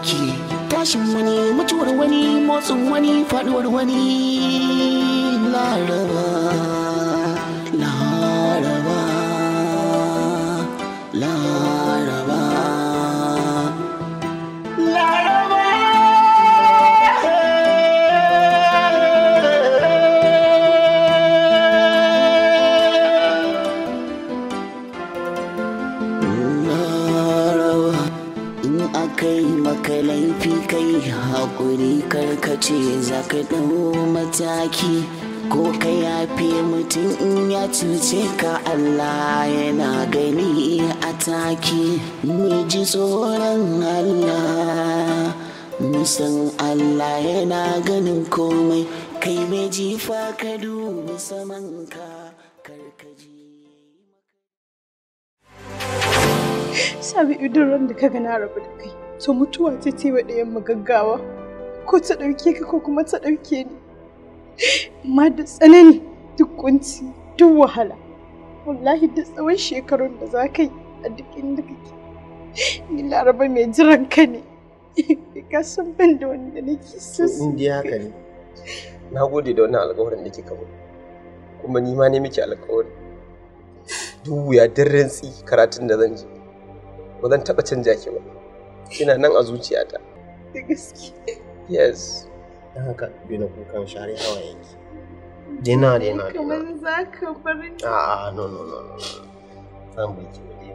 aiki tashin wani mutuwar wani motsin wani faduwar wani laraba ka laifi kai haƙuri karkace za ka ɗau mataki ko ka yafe mutum in ya cuce ka Allah yana gani a taki mu ji tsoron Allah musan Allah yana ganin komai kai mai jifa ka dubi samanka karkaji sabi idan da ka gana rabu da kai to mutuwa ce ce wa ɗayan gaggawa ko ta ɗauke ka ko kuma ta ɗauke ni amma da tsanani duk kunci duk wahala wallahi da tsawon shekarun da za ka yi a duk inda ke ni laraba mai jiran ka ne ka san ban da wanda nake so in dai haka ne na gode da wannan alƙawarin da ke kawo kuma ni ma ne miki alƙawari duk wuya duk rantsi karatun da zan je ba zan taɓa canja ke ba ina nan a zuciyata da gaske yes don haka bi na kukan share hawayenki dina dina kamar za ka farin a'a no no no no zan ki wuri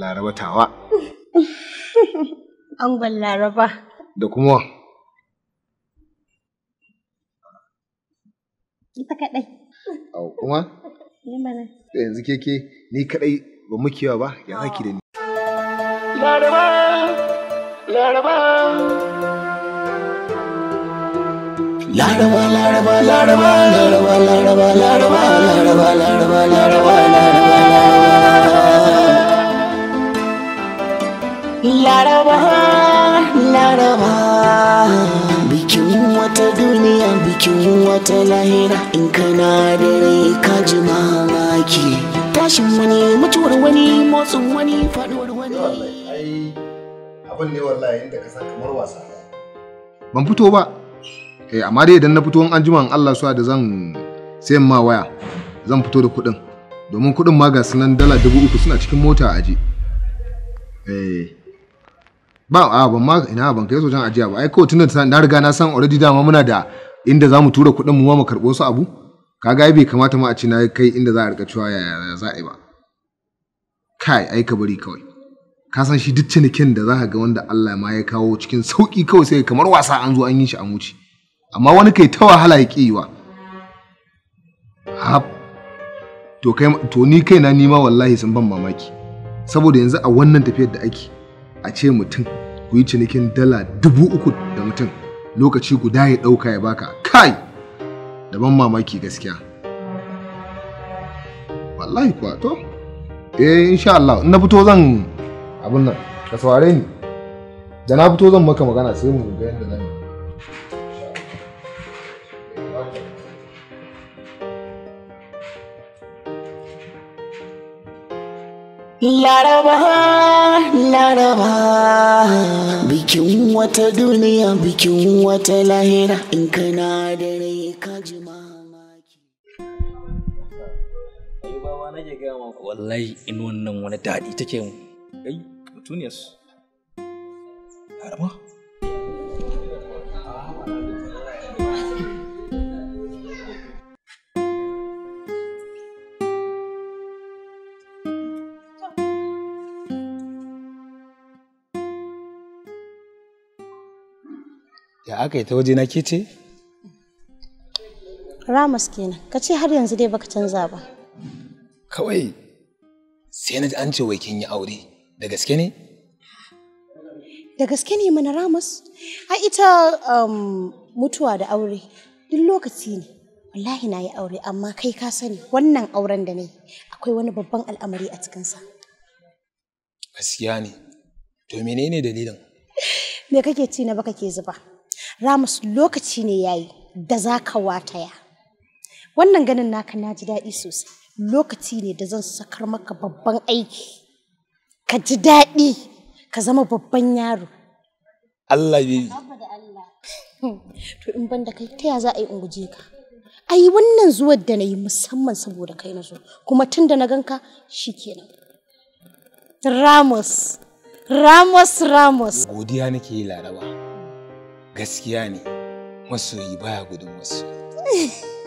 laraba tawa angon laraba da kuma ita kadai au kuma ni mana yanzu keke ni kadai ba mukewa ba ya zaki da ni laraba laraba laraba laraba laraba laraba laraba laraba laraba laraba laraba laraba laraba bikin wata duniya bikin wata lahira in kana dare ka ji mamaki tashin wani mutuwar wani motsin wani faɗo abin ne wallahi inda ka san kamar wasa ban fito ba eh amma dai idan na fito an jima Allah suwa da zan sayan ma waya zan fito da kuɗin domin kuɗin ma ga sunan dala dubu uku suna cikin mota a aji eh ba a ban ma ina ban kai sojan ajiya ba ai ko tunda na riga na san already dama muna da inda za mu tura kuɗin mu ma mu karɓo su abu kaga ai bai kamata ma a ci na kai inda za a riga cewa ya za a yi ba kai ai ka bari kawai ka san shi duk cinikin da za ka ga wanda Allah ma ya kawo cikin sauƙi kawai sai kamar wasa an zo an yi shi an wuce, amma wani kai ta wahala ya ƙi yiwa to kai to ni kaina nima wallahi sun ban mamaki saboda yanzu a wannan tafiyar da ake a ce mutum ku yi cinikin dala dubu uku da mutum lokaci guda ya ɗauka ya baka kai da ban mamaki gaskiya wallahi kuwa to eh insha Allah na fito zan abin nan ka saurare ni da na fito zan maka magana sai mu ga yadda zan Laraba, laraba, bikin wata duniya, bikin wata lahira, in kana da rai ka ji mamaki. wa nake gaya wallahi in wannan wani daɗi take mu. petunias. Ya aka yi ta waje na ke ce? ramus kenan, ka ce har yanzu dai baka canza ba. Kawai sai na ji an ce wai kin yi aure, da gaske ne? da gaske ne mana ramus a ita um, mutuwa da aure duk lokaci ne wallahi na yi aure amma kai ka sani wannan auren da na yi akwai wani babban al'amari a cikinsa gaskiya ne to menene dalilin me kake ci na baka ke zuba ramus lokaci ne yayi da za ka wataya wannan ganin naka na ji daɗi sosai lokaci ne da zan sakar maka babban aiki ka ji daɗi ka zama babban yaro Allah ya yi to in ban da kai ta ya za a yi in guje ka ai wannan zuwar da na yi musamman saboda kai na zo kuma tun da na ganka shikenan Ramos Ramos Ramos godiya nake yi Laraba gaskiya ne masoyi baya gudun masoyi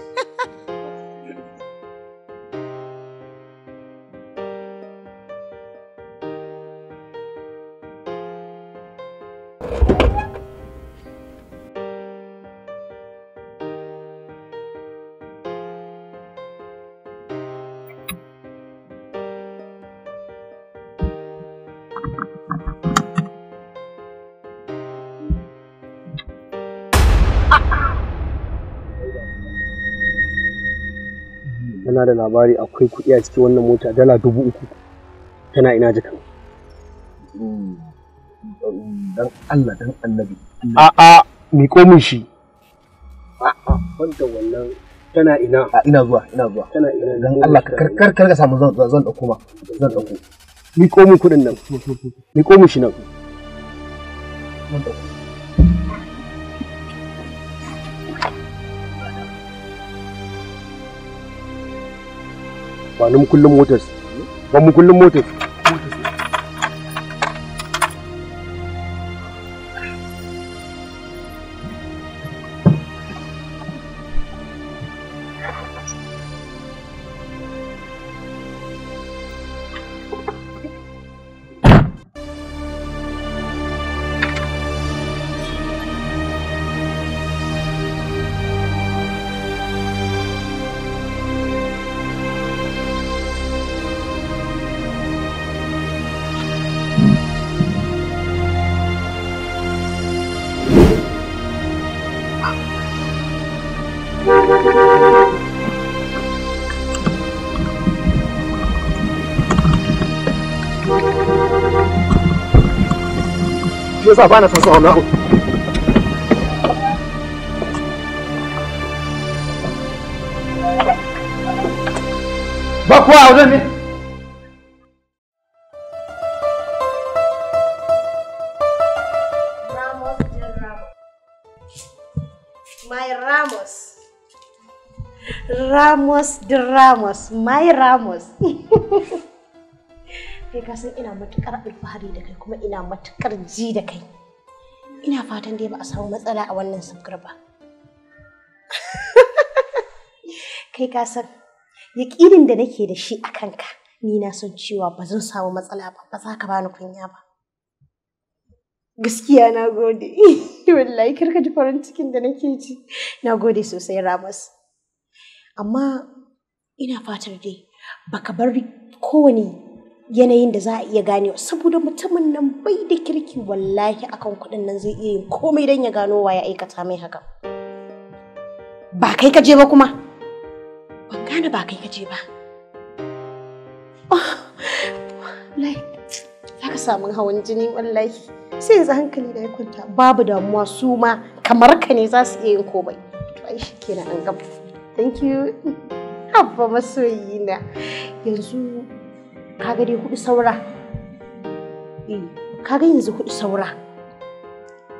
da labari akwai kuɗi a cikin wannan mota dala dubu uku tana ina jikan dan Allah dan annabi a a mi komin shi a a wanda wannan tana ina a ina zuwa ina zuwa tana ina dan Allah kar kar kar ka samu zan zan dauko ma zan dauko mi komin kuɗin nan mi komin shi nan wanda amfanin ni mu kullum motar ba mu kullum motar Shi yasa ba na son sa wannan abu. Ba kuwa Ramos de Ramos, my Ramos. Kai ka san ina matukar alfahari da kai kuma ina matukar ji da kai. Ina fatan dai ba a samu matsala a wannan sabgar ba. Kai ka san yaƙinin da nake da shi a kanka ni na son cewa ba zan samu matsala ba, ba za ka bani kunya ba. gaskiya na gode wallahi karka ji farin cikin da nake ji na gode sosai Ramos. amma ina fatar dai baka bar kowane yanayin da za a iya wa saboda mutumin nan bai da kirki wallahi akan kuɗin nan zai iya yin komai don ya gano wa ya aikata mai haka ba kai ka je ba kuma ban gane ba kai ka je ba za ka samun hawan jini wallahi sai yanzu hankali da ya kwanta babu damuwa su ma kamar ka ne za su iya yin komai to ai shi kenan an gaba thank you abba masoyi na yanzu ka gari hudu saura eh, ka yanzu hudu saura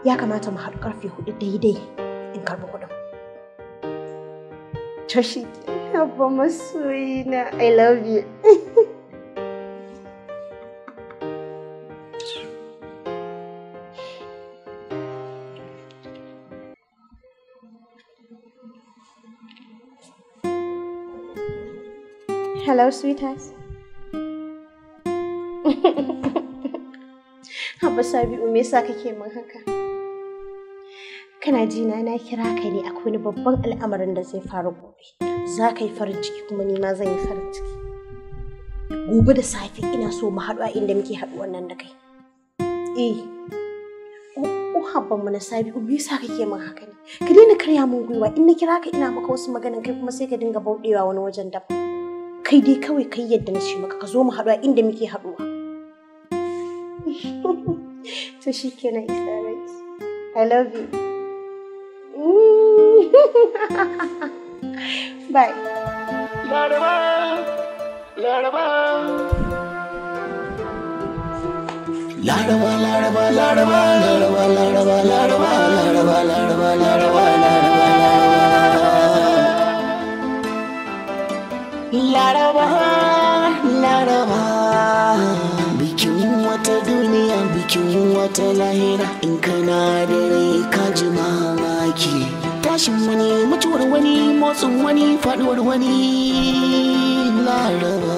ya kamata mu haɗu karfe hudu daidai in karɓi kuɗin to shi abba masoyi na i love you Hello, sweetheart. Haba Sabi'u me yasa kake min haka? Kana ji na na kira ka ne akwai wani babban al'amarin da zai faru gobe. Za ka yi farin ciki kuma ni ma zan yi farin ciki. Gobe da safe ina so mu haɗu a inda muke haɗuwan nan da kai. Eh. Ko oh, oh, habban mu na Sabi'u oh, me yasa kake min haka ne? Ka daina karya min gwiwa in na kira ka ina maka wasu maganin kai kuma sai ka dinga bauɗewa wani wajen daban. kai dai kawai kai yadda na ce maka ka zo mu haɗu a inda muke haɗuwa to shi kenan isarai i love you bye laraba laraba laraba laraba laraba laraba laraba laraba laraba laraba laraba laraba laraba bikin wata duniya bikin wata lahira in kana da rai ka ji mamaki tashin wani mutuwar wani motsin wani faduwar wani laraba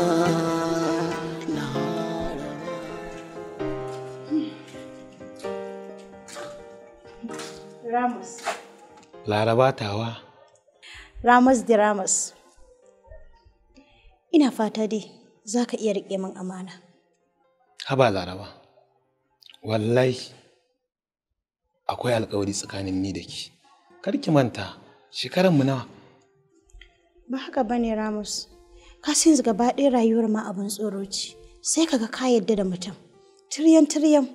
Ramos. Laraba tawa. Ramos de Ramos. Ina fata dai za ka iya riƙe min amana. Haba Laraba, wallahi akwai alkawari tsakanin ni da ke. Kar ki manta shekaranmu nawa. Ba haka ba ne Ramus. ka san gaba ɗaya rayuwar ma abin tsoro ce, sai kaga ka yadda da mutum. Tiryan tiryan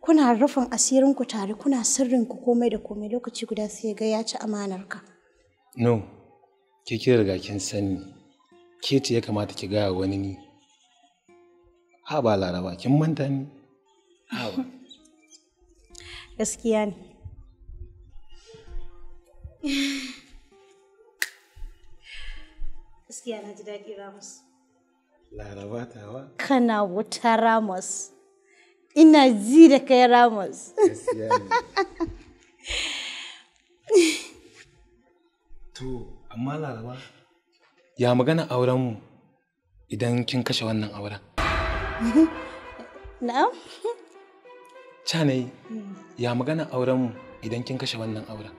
kuna rufin asirinku tare kuna sirrin ku komai da komai lokaci guda sai ga ya ci amanarka. No, ke kira riga kin sani ke ce ya kamata ki gaya wani ni ha ba laraba kin manta ni gaskiya ne gaskiya na ji daɗi ramus laraba tawa kana wuta ramus ina ji da kai ramus to amma laraba ya magana auren mu idan kin kashe wannan auren na'am canai ya magana auren mu idan kin kashe wannan auren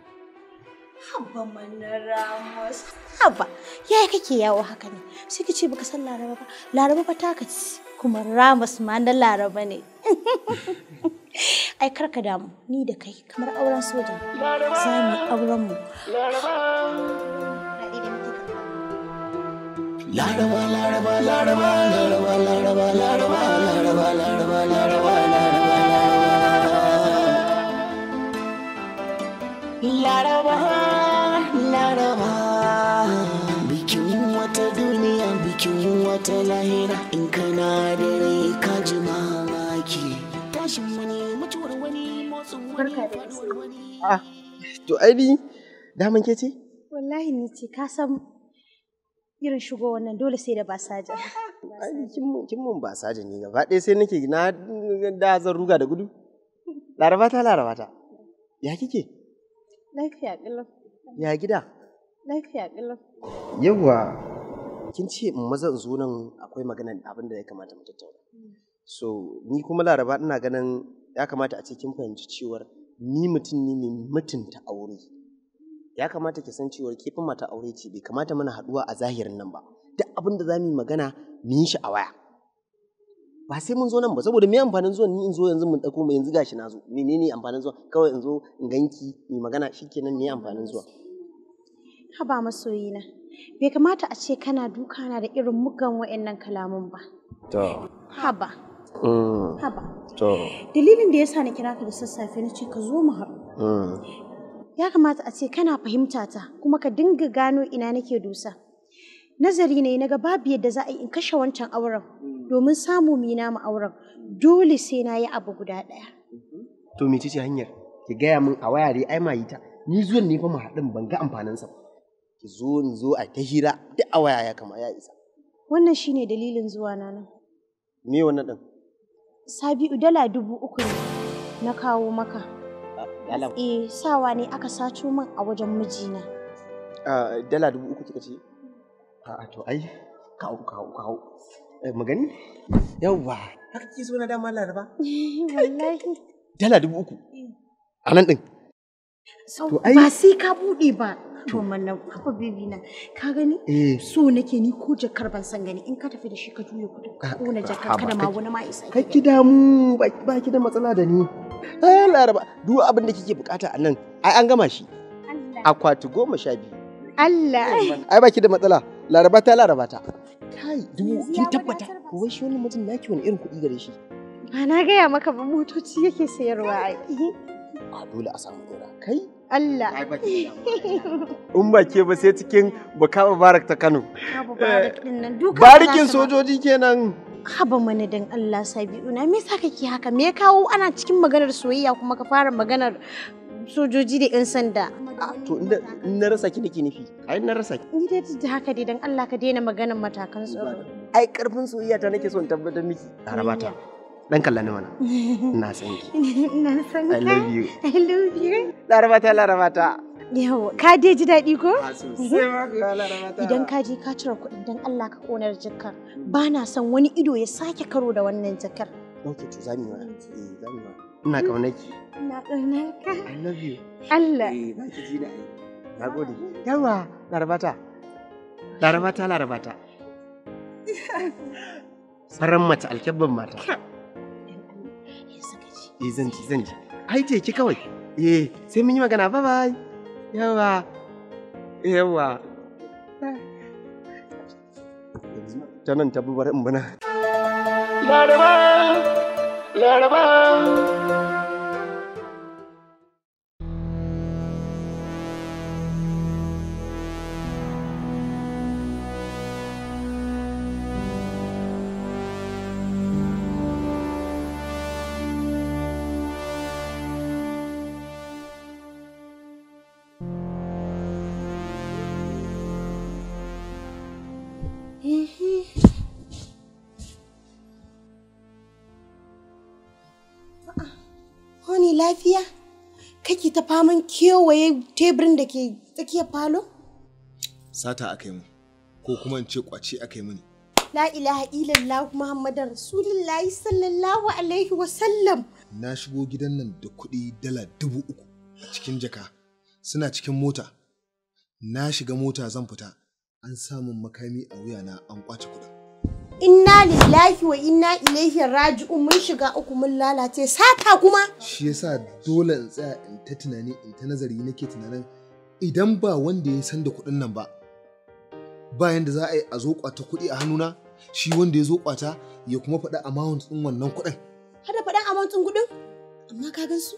Haba mana Ramos. Haba, yaya kake yawo haka ne? Sai kace ce baka san Laraba ba. Laraba ba ta kaci kuma ramus ma na Laraba ne. Ai karka damu, ni da kai kamar auren soja. Za mu auren mu. laraba laraba laraba laraba laraba laraba laraba laraba laraba laraba laraba bikin wata duniya bikin wata lahira in kana ah, to ce wallahi ni ce ka san irin shigo wannan dole sai da basaja. Kin mun basaja ne gaba ɗaya sai nake na da zan ruga da gudu. Laraba ta laraba ta. Ya kike? Lafiya ƙilan. Ya gida? Lafiya ƙilan. Yawwa kin ce in maza in zo nan akwai maganar abin da ya kamata mu tattauna. So ni kuma laraba ina ganin ya kamata a ce kin fahimci cewar ni mutum ne mai mutunta aure. ya kamata ki san cewa ke fi mata aure ce bai kamata mana haduwa a zahirin nan ba duk abin da zamu yi magana mu yi shi a waya ba sai mun zo nan ba saboda me amfanin zuwa ni in zo yanzu mun dauko mu yanzu gashi na zo menene amfanin zuwa kawai in zo in ganki mu magana shikenan me amfanin zuwa haba masoyina bai kamata a ce kana duka na da irin mugan wa'annan kalamun ba to haba mm. haba to dalilin da yasa na kira ka da sassafe na ce ka zo mu haɗu mm. ya kamata a ce kana fahimta ta kuma ka dinga gano ina nake dusa nazari ne na ga babu yadda za a yi in kashe wancan auren domin samu mina mu auren dole sai na yi abu guda ɗaya to mece ce hanyar ki gaya min a waya dai ai ma ta ni zuwan ne fa mu haɗin ban ga amfanin sa ki zo in zo a ta hira duk a waya ya kama ya isa wannan shine dalilin zuwa na nan me wannan din sabi'u dala dubu uku ne na kawo maka Yalan. Eh sawa ne aka sato min a wajen mijina. Ah, dala dubu uku kika ce? a to ai kawo kawo kawo. Eh, Magani? Yawwa. Haka ki so na dama laraba? Wallahi. Dala dubu uku. Eh. A nan ɗin. ba sai ka bude ba. to nan haba bibi na ka gani eh. so nake ni ko jakar ban san gani in ka tafi da shi ka juye ko na jakar kada ma wani ma isa kai ki damu ba ki da matsala da ni ai eh, laraba duk abin da kike bukata a nan ai an gama shi akwati goma sha biyu Allah eh, ai ba ki da matsala laraba ta laraba ta kai duk kin tabbata ko wai shi wannan mutum naki wani irin kuɗi gare shi Ba na gaya maka ba motoci yake sayarwa ai. A ah, dole a samu ɗora. Kai Allah. In ba ke ba sai cikin buka Mubarak ta Kano. Eh, barikin sojoji kenan. Haba mana dan Allah sabi. una me yasa kake haka me kawo ana cikin maganar soyayya kuma ka fara maganar sojoji da 'yan sanda. To in na rasa ki nake nufi, ai na rasa ki. Ni dai da haka dai dan Allah ka daina maganar matakan tsaro. Ai karfin soyayya ta nake son tabbatar miki. Laraba ta. dan kalla ni mana ina san ki ina san ka i love you i love you larabata larabata yawa ka je ji daɗi ko ah, idan ka je ka cire kuɗin dan Allah ka konar jakar ba na son wani ido ya sake karo da wannan jakar ok to zami wa eh zami wa ina kaunar ki ina kaunar ka i love you Allah eh ba ki ji da ai nagode yawa larabata larabata larabata saran mace alkyabban mata eh zan ji zan ji ai je ki kawai eh sai mun yi magana bye bye yawa yawa ta nan ta bubar in bana laraba laraba lafiya kake ta faman kewaye teburin da ke tsakiyar falo? Sata aka yi mu, ko kuma in ce kwace aka yi mini. La ilaha illallah Muhammadan Rasulullahi sallallahu alaihi wa Na shigo gidan nan da kuɗi dala dubu uku a cikin jaka, suna cikin mota. Na shiga mota zan fita, an samun makami a wuyana an kwace kuɗi. inna lillahi wa inna ilaihi raji'un mun shiga uku mun lalace sata kuma shi yasa dole in tsaya in ta tunani in ta nazari nake tunanin idan ba wanda ya san da kuɗin nan ba bayan da za a yi a zo kwata kuɗi a hannuna shi wanda ya zo kwata ya kuma faɗa amount din wannan kuɗin har da faɗa amount din kuɗin amma ka gan su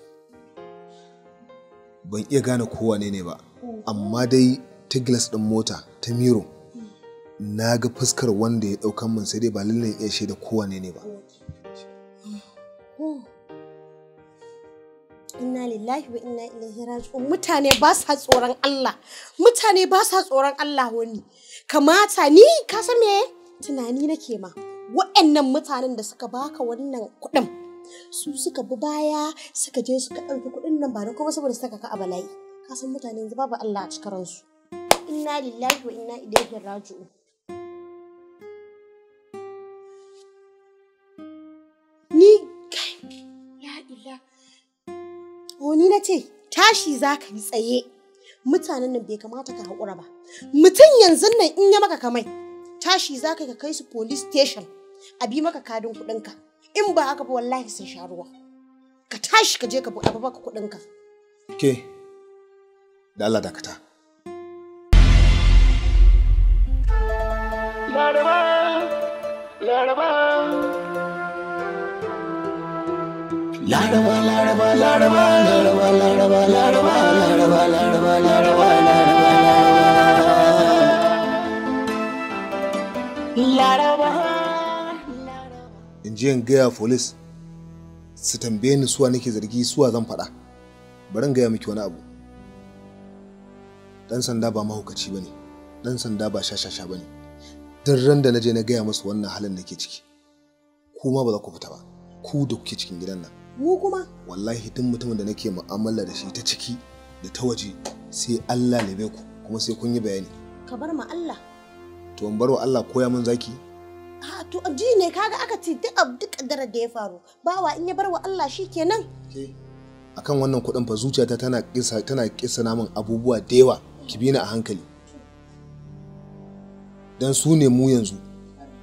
ban iya gane kowa ne ne ba oh. amma dai tiglas ɗin mota ta miro na ga fuskar wanda ya ɗaukan min sai dai ba lallai iya shaida kowane ne ba. Inna lillahi wa inna ilaihi raji'un mutane ba sa tsoron Allah mutane ba sa tsoron Allah wani kamata ni ka san me tunani nake ma wa'annan mutanen da suka baka wannan kuɗin su suka bi baya suka je suka ɗauki kuɗin nan ba don kuma saboda suka ka a bala'i ka san mutane yanzu babu Allah a cikin ransu inna lillahi wa inna ilaihi raji'un billah ni na ce tashi za yi tsaye mutanen nan bai kamata ka haƙura ba mutum yanzu nan in ya maka kamai tashi za ka kai su police station a bi maka kadin kuɗinka in ba haka ba wallahi sun sha ruwa ka tashi ka je ka abu baka kuɗinka ke da Allah dakata laraba laraba laraba laraba laraba laraba laraba laraba laraba laraba laraba in ji gaya folis su tambaye ni suwa nake zargi suwa zan faɗa bari in gaya miki wani abu Ɗan sanda ba mahaukaci bane dan sanda ba shashasha bane dan ran da na je na gaya musu wannan halin da ke ciki kuma ba za ku fita ba ku da kuke cikin gidan nan mu kuma wallahi duk mutumin da nake mu'amala da shi ta ciki da ta waje sai Allah ne ku kuma sai kun yi bayani ka bar ma Allah to in barwa Allah koya min zaki a to ji ne kaga aka ce duk abu da ya faru bawa in ya barwa Allah shikenan ke akan wannan kudin fa zuciyata tana kisa tana kisa namun abubuwa da yawa ki bi a hankali dan su ne mu yanzu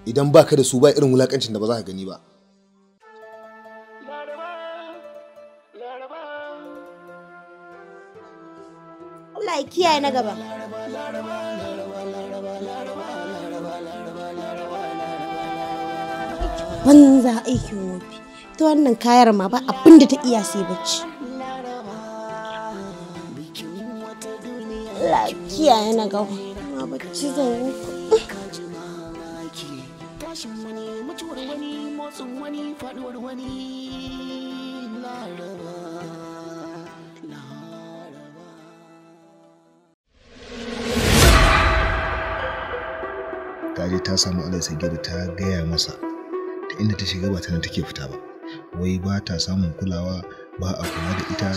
idan baka da su ba irin wulakancin da ba za ka gani ba Allah ya kiyaye na gaba a aikin wofi ta wannan kayar ma ba abinda ta iya sai bacci lafiya yana ma bacci zan yi wani wani wani ta je ta samu sai sagir ta gaya masa ta inda ta shiga ba ta nan take fita ba wai ba ta samun kulawa ba a kula da ita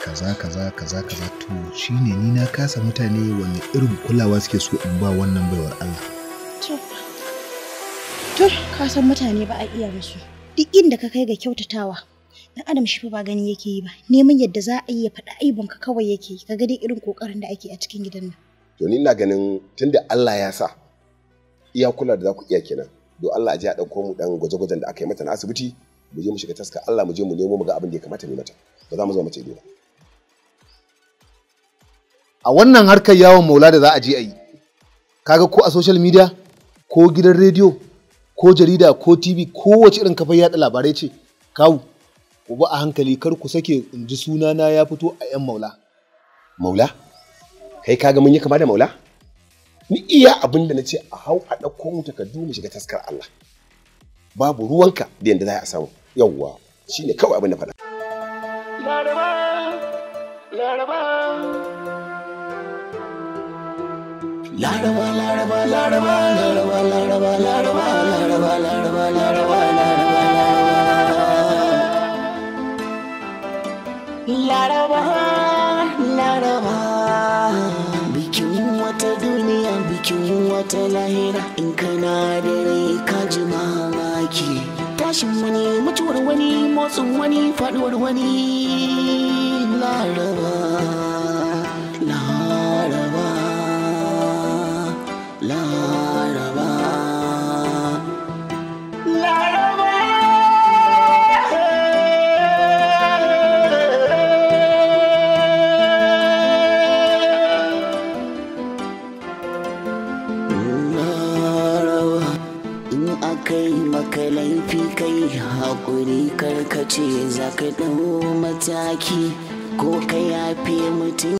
kaza kaza kaza kaza to shine ni na kasa mutane wani irin kulawa suke so in ba wannan baiwar Allah to ka san mutane ba a iya musu duk inda ka kai ga kyautatawa dan adam shi fa ba gani yake yi ba neman yadda za a yi ya faɗa aibin ka kawai yake ka ga dai irin kokarin da ake a cikin gidan nan to ni ina ganin tunda Allah ya sa iyakula da za ku iya kenan don Allah a ji a ɗauko mu ɗan gwaje-gwajen da aka yi mata na asibiti mu je mu shiga taska Allah mu je mu nemo mu ga abin da ya kamata mu mata ba za mu zama mace ba a wannan harkar yawon maula da za a je a yi kaga ko a social media ko gidan rediyo ko jarida ko tv ko kowace irin kafar yada labarai ce kawu ku ba a hankali kar ku sake in ji sunana ya fito a 'yan maula maula kai kaga mun yi kama da maula ni iya abin da na ce a hau a ɗauko mu takardu mu shiga taskar Allah babu ruwanka da yadda za a samu yawwa shine kawai abin da faɗa laraba laraba cikin wata lahira in kana ni ka ji mamaki tashin wani mutuwar wani motsin wani faduwar wani laraba hakuri karkace za ka ɗau mataki ko ka yafe mutum